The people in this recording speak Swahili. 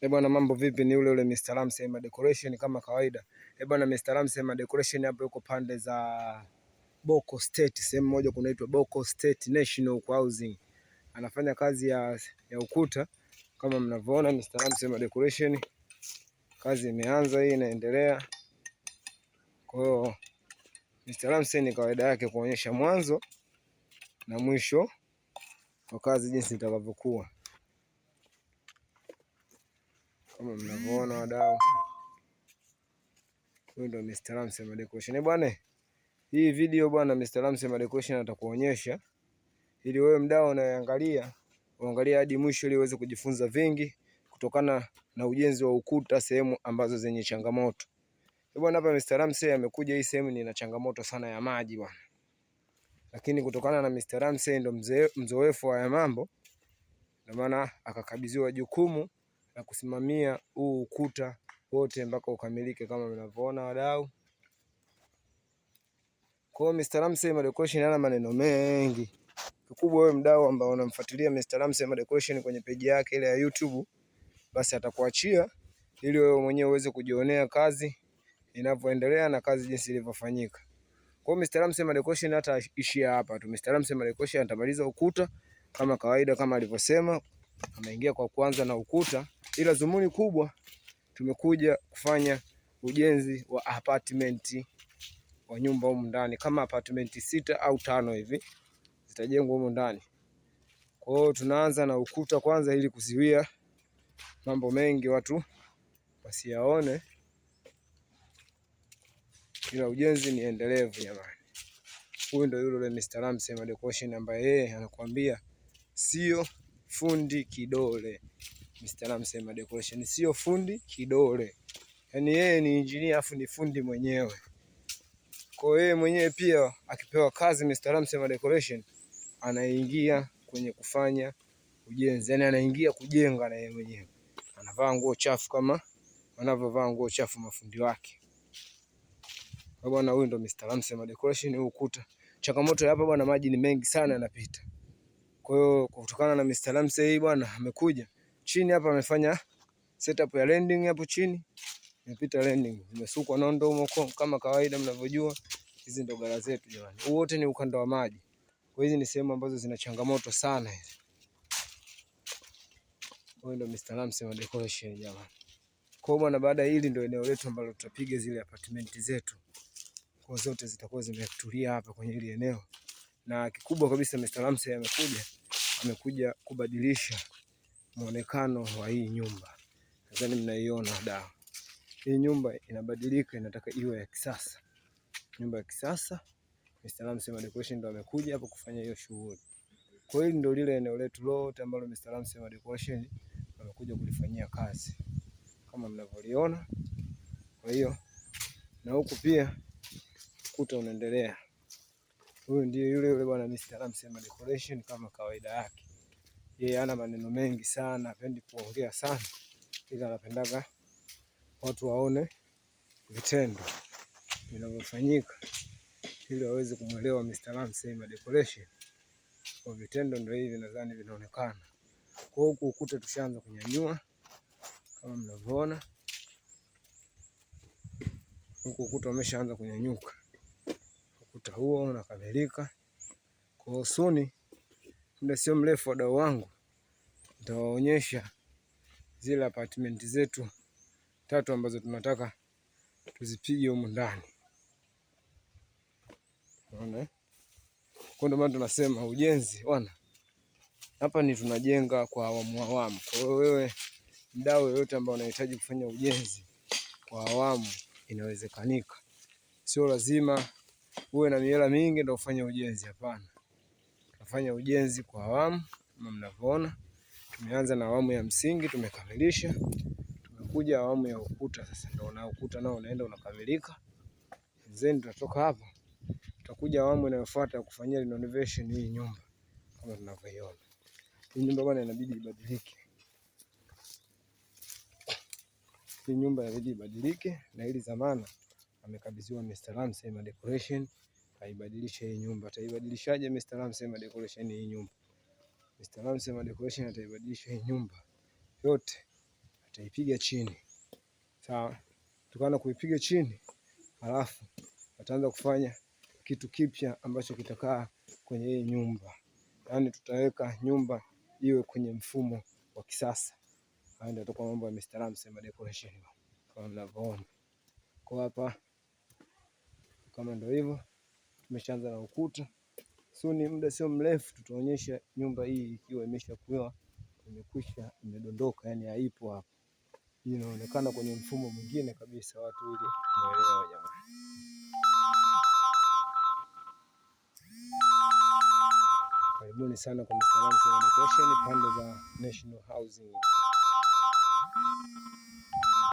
Eh bwana, mambo vipi? Ni ule ule Mr. Ramsey Decoration kama kawaida. Eh bwana, Mr. Ramsey Decoration hapo yuko pande za Boko State, sehemu moja kunaitwa Boko State National Housing. Anafanya kazi ya, ya ukuta kama mnavyoona Mr. Ramsey Decoration. Kazi imeanza hii inaendelea. Kwa hiyo Mr. Ramsey ni kawaida yake kuonyesha mwanzo na mwisho kwa kazi jinsi itakavyokuwa. kama mnavyoona wadau, huyu ndo Mr. Ramsey Decoration bwana. Hii video bwana, Mr. Ramsey Decoration atakuonyesha ili wewe mdau unayeangalia uangalie hadi mwisho ili uweze kujifunza vingi kutokana na ujenzi wa ukuta sehemu ambazo zenye changamoto. Bwana hapa Mr. Ramsey amekuja hii sehemu nina changamoto sana ya maji bwana. Lakini kutokana na Mr. Ramsey ndo mzoefu wa haya mambo, ndio maana akakabidhiwa jukumu na kusimamia huu ukuta wote mpaka ukamilike kama mnavyoona wadau. Kwa hiyo Mr. Ramsey Decoration ana maneno mengi. Kikubwa wewe mdau ambao unamfuatilia Mr. Ramsey Decoration kwenye peji yake ile ya YouTube, basi atakuachia ili wewe mwenyewe uweze kujionea kazi inavyoendelea na kazi jinsi ilivyofanyika. Kwa hiyo Mr. Ramsey Decoration hata ishia hapa tu. Mr. Ramsey Decoration atamaliza ukuta kama kawaida, kama alivyosema, ameingia kwa kwanza na ukuta ila dhumuni kubwa tumekuja kufanya ujenzi wa apartment wa nyumba humu ndani, kama apartment sita au tano hivi zitajengwa humu ndani. Kwa hiyo tunaanza na ukuta kwanza, ili kuziwia mambo mengi watu wasiyaone, ila ujenzi ni endelevu jamani. Huyu ndio yule Mr. Ramsey Decoration ambaye yeye anakuambia sio fundi kidole, Mr. Ramsey Decoration, sio fundi kidole, yaani yeye ni engineer afu ni fundi mwenyewe. Kwa yeye mwenyewe pia akipewa kazi Mr. Ramsey Decoration anaingia kwenye kufanya ujenzi, yaani anaingia kujenga na yeye mwenyewe, anavaa nguo chafu kama wanavyovaa nguo chafu mafundi wake. Kwa bwana, huyu ndo Mr. Ramsey Decoration. huu Ukuta changamoto hapa bwana, maji ni mengi sana yanapita. Kwa hiyo kutokana na Mr. Ramsey hii bwana amekuja chini hapa amefanya setup ya landing hapo chini. Imepita landing. Imesukwa nondo huko kama kawaida mnavyojua. Hizi ndo gara zetu jamani. Huu wote ni ukanda wa maji. Kwa hizi ni sehemu ambazo zina changamoto sana hizi. Huyu ndo Mr. Lamsey wa decoration jamani. Kwa hiyo maana baada hili ndo eneo letu ambalo tutapiga zile apartment zetu. Kwa zote zitakuwa zimetulia hapa kwenye hili eneo. Na kikubwa kabisa Mr. Lamsey amekuja amekuja kubadilisha muonekano wa hii nyumba. Nadhani mnaiona da, hii nyumba inabadilika, inataka iwe ya kisasa, nyumba ya kisasa. Mr. Lam Sema Decoration ndo amekuja hapo kufanya hiyo shughuli. Kwa hiyo ndio lile eneo letu lote ambalo Mr. Lam Sema Decoration amekuja kulifanyia kazi kama mnavyoliona. Kwa hiyo na huku pia kuta unaendelea. Huyu ndiye yule yule bwana Mr. Lam Sema Decoration kama kawaida yake yeye ana maneno mengi sana, apendi kuongea sana, ila anapendaga watu waone vitendo vinavyofanyika ili waweze kumwelewa Mr. Ramsey Decoration. Kwa vitendo ndio hivi nadhani vinaonekana. Kwa huku ukuta tushaanza kunyanyua kama mnavyoona, huku ukuta umeshaanza kunyanyuka, ukuta huo unakamilika kwa usuni muda sio mrefu, wadau wangu, nitawaonyesha zile apartment zetu tatu ambazo tunataka tuzipige humu ndani. Unaona? Eh? Kwa ndio maana tunasema ujenzi bwana, hapa ni tunajenga kwa awamu awamu. Kwa hiyo wewe mdau yoyote ambao unahitaji kufanya ujenzi kwa awamu, inawezekanika. Sio lazima uwe na miela mingi ndio ufanye ujenzi, hapana tunafanya ujenzi kwa awamu kama mnavyoona, tumeanza na awamu ya msingi tumekamilisha, tumekuja awamu ya ukuta sasa, ndio na ukuta nao unaenda unakamilika. Then tutatoka hapa, tutakuja awamu inayofuata ya kufanyia renovation hii nyumba kama tunavyoiona. Hii nyumba bwana inabidi ibadilike. Hii nyumba inabidi ibadilike na hili zamana amekabidhiwa Mr. Ramsey ma decoration aibadilishe hii nyumba. Ataibadilishaje Mr. Ramsey decoration hii nyumba? Mr. Ramsey decoration ataibadilisha hii nyumba yote, ataipiga chini sawa. Tukana kuipiga chini, alafu ataanza kufanya kitu kipya ambacho kitakaa kwenye hii nyumba, yaani tutaweka nyumba iwe kwenye mfumo wa kisasa. Haya ndio atakuwa mambo ya Mr. Ramsey decoration kama mnavyoona kwa hapa, kama ndio hivyo. Tumeshaanza na ukuta, so ni muda sio mrefu tutaonyesha nyumba hii ikiwa imeshakuwa imekwisha imedondoka, yani haipo hapa. Hii inaonekana kwenye mfumo mwingine kabisa, watu ili muelewe jamani. Karibuni sana kwa Ramsey Decoration pande za National Housing.